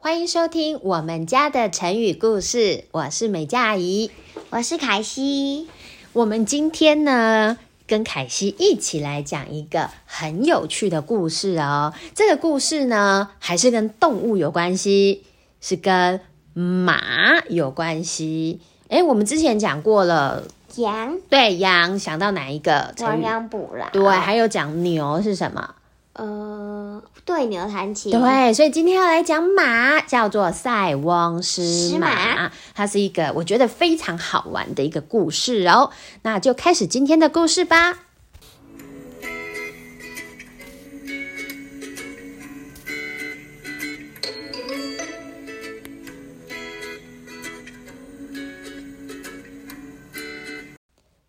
歡迎收聽我們家的成語故事，我是美佳阿姨，我是凱西。我們今天呢，跟凱西一起來講一個很有趣的故事哦。這個故事呢，還是跟動物有關係，是跟馬有關係。誒，我們之前講過了，羊，對，羊，想到哪一個？亡羊補牢，對，還有講牛是什麼？呃，對牛彈琴。對，所以今天要來講馬，叫做塞翁失馬，失馬，它是一個我覺得非常好玩的一個故事哦。那就開始今天的故事吧。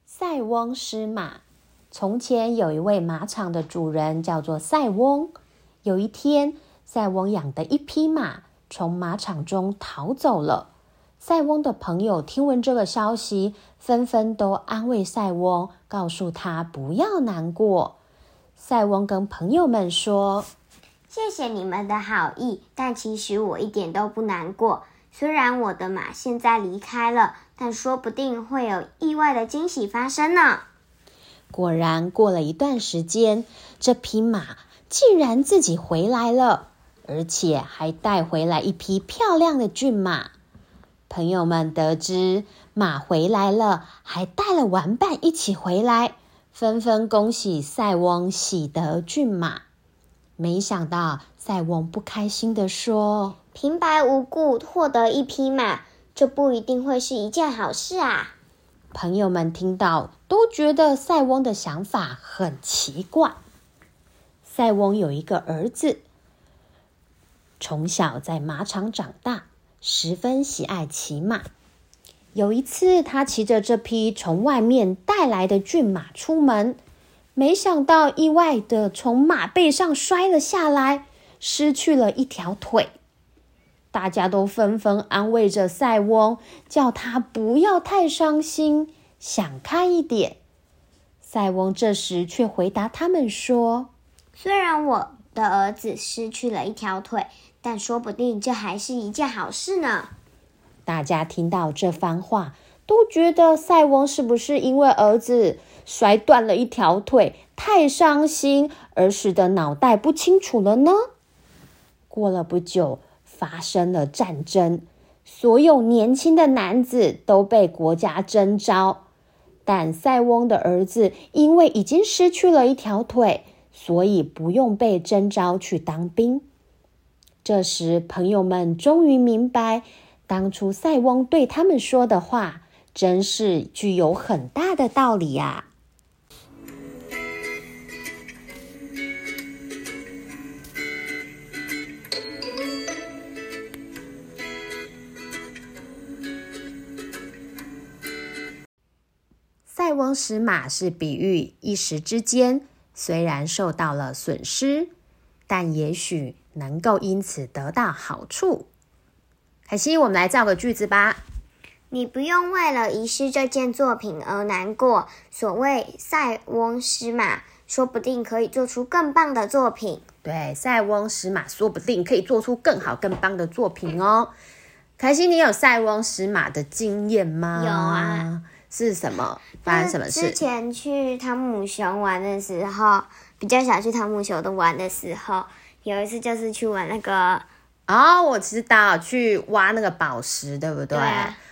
塞翁失馬。從前有一位馬場的主人，叫做塞翁。有一天，塞翁養的一匹馬從馬場中逃走了。塞翁的朋友聽聞這個消息，紛紛都安慰塞翁，告訴他不要難過。塞翁跟朋友們說：“謝謝你們的好意，但其實我一點都不難過。雖然我的馬現在離開了，但說不定會有意外的驚喜發生呢。”果然，過了一段時間，這匹馬竟然自己回來了，而且還帶回來一匹漂亮的駿馬。朋友們得知馬回來了，還帶了玩伴一起回來，紛紛恭喜塞翁喜得駿馬。沒想到，塞翁不開心地說：“平白無故獲得一匹馬，這不一定會是一件好事啊。”朋友們聽到都覺得塞翁的想法很奇怪。塞翁有一個兒子，從小在馬場長大，十分喜愛騎馬。有一次，他騎着這匹從外面帶來的駿馬出門，沒想到意外的從馬背上摔了下來，失去了一條腿。大家都紛紛安慰着塞翁，叫他不要太傷心，想開一點。塞翁這時卻回答他們說：“雖然我的兒子失去了一條腿，但說不定這還是一件好事呢。”大家聽到這番話，都覺得塞翁是不是因為兒子摔斷了一條腿太傷心，而使得腦袋不清楚了呢？過了不久，發生了戰爭，所有年輕的男子都被國家徵召，但塞翁的兒子因為已經失去了一條腿，所以不用被徵召去當兵。這時，朋友們終於明白，當初塞翁對他們說的話，真是具有很大的道理啊。塞翁失馬是比喻一時之間雖然受到了損失，但也許能夠因此得到好處。凱西，我們來造個句子吧。你不用為了遺失這件作品而難過。所謂塞翁失馬，說不定可以做出更棒的作品。對，塞翁失馬，說不定可以做出更好更棒的作品哦。凱西，你有塞翁失馬的經驗嗎？有啊。是什麼？發生什麼事？之前去湯姆熊玩的時候，比較想去湯姆熊的玩的時候，有一次就是去玩那個哦，我知道，去挖那個寶石，對不對？對。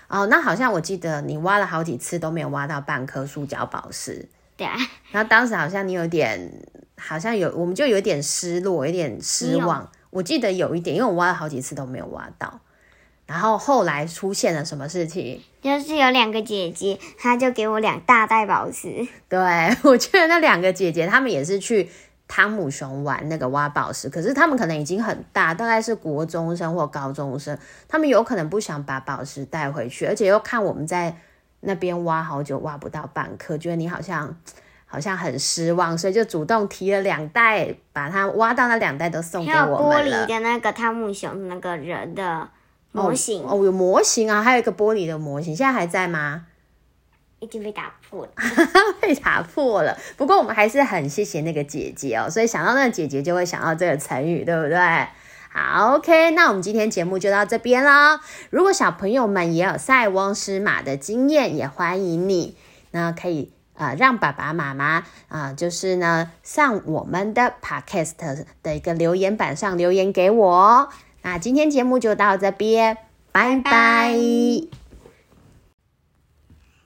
哦，那好像我記得你挖了好幾次都沒有挖到半顆塑膠寶石，對啊。然後當時好像你有點，好像有，我們就有點失落，有點失望。我記得有一點，因為我挖了好幾次都沒有挖到。然後後來出現了什麼事情？就是有兩個姐姐，她就給我兩大袋寶石。對，我覺得那兩個姐姐，她們也是去湯姆熊玩那個挖寶石，可是她們可能已經很大，大概是國中生或高中生，她們有可能不想把寶石帶回去，而且又看我們在那邊挖好久挖不到半顆，覺得你好像好像很失望，所以就主動提了兩袋，把它挖到那兩袋都送給我們了。還有玻璃的那個湯姆熊那個人的。哦、模型哦，有模型啊，還有一個玻璃的模型，現在還在嗎？已經被打破了， 被打破了。不過我們還是很謝謝那個姐姐哦，所以想到那個姐姐就會想到這個成語，對不對？好，OK，那我們今天節目就到這邊啦。如果小朋友們也有塞翁失馬的經驗，也歡迎你，那可以啊、呃，讓爸爸媽媽啊、呃，就是呢，上我們的 Podcast 的一個留言板上留言給我哦。那、啊、今天節目就到這邊，拜拜。音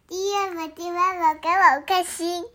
樂，我的爸爸給我開心。